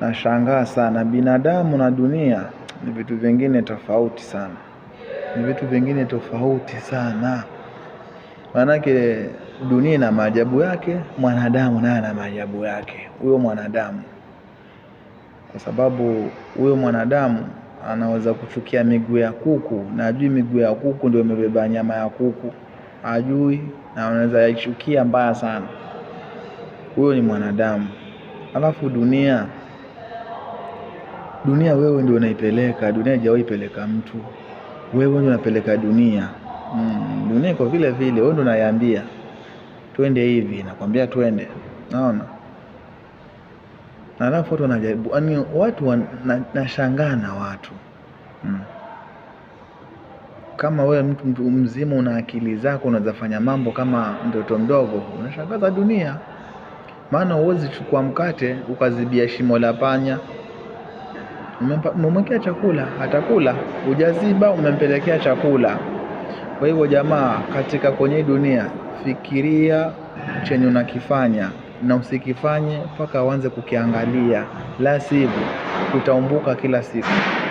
Nashangaa sana binadamu na dunia ni vitu vingine tofauti sana, ni vitu vingine tofauti sana. Maanake dunia ina maajabu yake, mwanadamu naye ana maajabu yake, huyo mwanadamu. Kwa sababu huyo mwanadamu anaweza kuchukia miguu ya kuku na ajui miguu ya kuku ndio imebeba nyama ya kuku, ajui na anaweza yaichukia mbaya sana. Huyo ni mwanadamu, alafu dunia Dunia wewe ndio unaipeleka, dunia haijawahi peleka mtu, wewe ndio unapeleka dunia. Mm, dunia iko vile vile, wewe ndio unaiambia twende hivi, nakwambia twende. Naona na alafu watu wanajaribu, yaani watu wanashangaa na watu mm. Kama wewe mtu, mtu mzima una akili zako unaweza fanya mambo kama mtoto mdogo, unashangaza dunia. Maana huwezi chukua mkate ukazibia shimo la panya umemwekea chakula, atakula. ujaziba umempelekea chakula. Kwa hivyo jamaa, katika kwenye dunia, fikiria chenye unakifanya na usikifanye mpaka uanze kukiangalia, la sivyo utaumbuka kila siku.